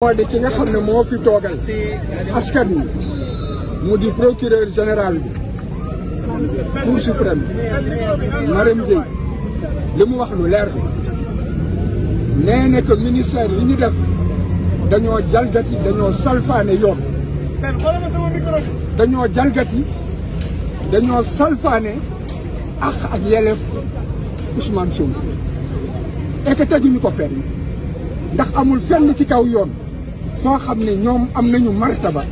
moo de ki nga xam ne moo fi toogal si askan wi mu di procureur général bi cour suprême Marème Gueye li mu wax lu leer bi nee na que ministère li ñu def dañoo jalgati dañoo salfaane yoon dañoo jalgati dañoo salfaane ak ak yelef Ousmane Sonko et que ko fenn ndax amul fenn ci kaw yoon foo xam ne ñoom am nañu martaba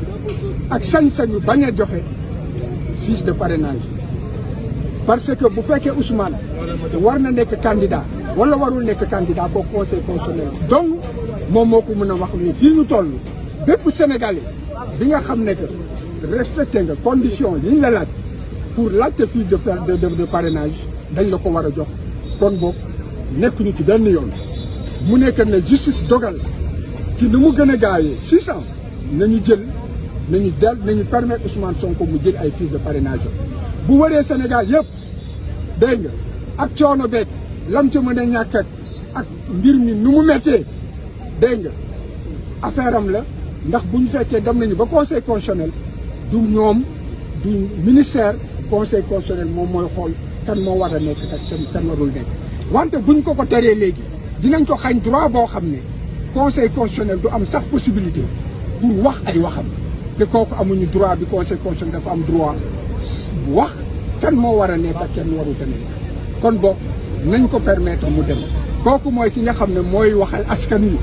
ak sañ-sañu bañ a joxe fiche de parenage parce que bu fekkee Ousmane war na nekk candidat wala warul nekk candidat ko conseil constitutionnel donc moom moo ko mën a wax ni fii ñu toll bépp sénégalais bi nga xam ne que respecté nga condition yi ñu la laaj pour laajte fiche de de de dañ la ko war a jox kon boog nekkuñu ci benn yoon mu nekk ne justice dogal. ci ni mu gën a gaawee six ans nañu jël nañu del nañu permettre Ousmane Sonko mu jël ay fiches de parrainage bu waree Sénégal yëpp dégg nga ak coono beeg lam ca mën a ak mbir mi nu mu méttee dégg nga affaire am la ndax bu ñu fekkee dem nañu ba conseil constitutionnel du ñoom du ministère conseil constitutionnel moom mooy xool kan moo war a nekk ak kan warul nekk wante buñ ko ko teree léegi dinañ ko xañ droit boo xam ne. conseil constitutionnel du am sax possibilité pour wax ay waxam te kooku amuñu droit bi conseil constitutionnel dafa am droit wax kan moo war a nekk ak kenn warul tamit kon boog nañ ko permettre mu dem kooku mooy ki nga xam ne mooy waxal askan wi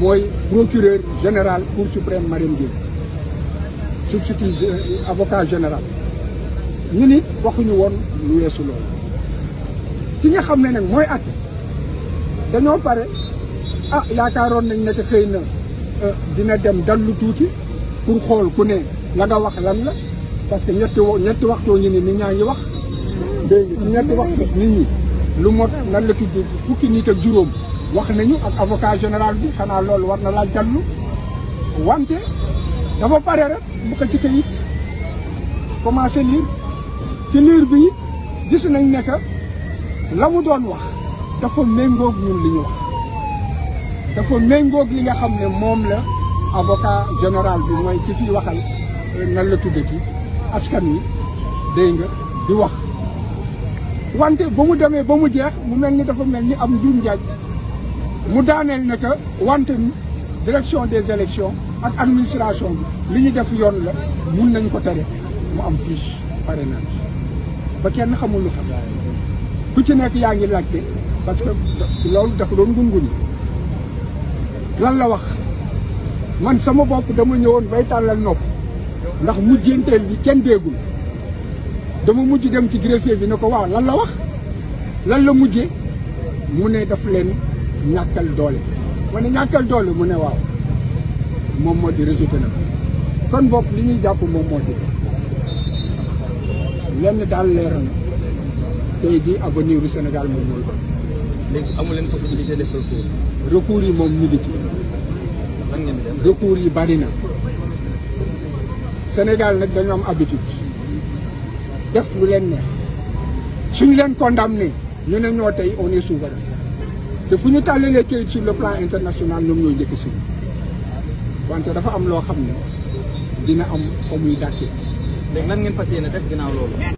mooy procureur général cour suprême Marème Guèye substitut euh, avocat général ñu ni waxuñu woon lu weesu loolu ki nga xam ne nag mooy àtte dañoo pare ah yaakaaroon nañ ne que xëy na euh, dina dem dallu tuuti pour xool ku ne la nga wax lan la parce que ñetti ñetti waxtoo ñu ni ñaa ngi wax dégg ñetti waxtu nit ñi lu mot nan la tudd fukki nit ak juróom wax nañu ak avocat général bi xanaa loolu war na laaj dallu wante dafa pare rek bu ko ci kayit commencé lire ci lire bi gis nañ ne la mu doon wax dafa méngoog ñun li ñu wax dafa méngoog li nga xam ne moom la avocat général bi mooy ki fi waxal euh, nan la tuddati askan wi dégg nga di wax wante ba mu demee ba mu jeex mu mel ni dafa mel ni am njuum njaaj mu daaneel ne que wante direction des élections ak administration bi li ñu def yoon la mun nañ ko tere mu am fiche parrainage ba kenn xamul lu xam ku ci nekk yaa ngi laajte parce que loolu dafa doon gungun lan la wax man sama bopp dama ñëwoon bay tàllal nopp ndax mujjanteel bi kenn déggul dama mujj dem ci greffier bi ne ko waaw lan la wax lan la mujje mu ne daf leen ñàkkal doole ma ne ñàkkal doole mu ne waaw moom moo di rejeté na kon bopp li ñuy jàpp moom moo di lenn daal leeral na tey jii avenir u Sénégal moom mooy ko léegi leen possibilité de recours yi moom ñu ngi ci recours yi bari na Sénégal nag dañoo am habitude def lu leen neex suñu leen condamné ñu ne ñoo tey on est souverain te fu ñu tàllalee kayit sur le plan international ñoom ñooy njëkk si wante dafa am loo xam ne dina am fa muy dàkkee. ngeen fas yéene def ginnaaw loolu.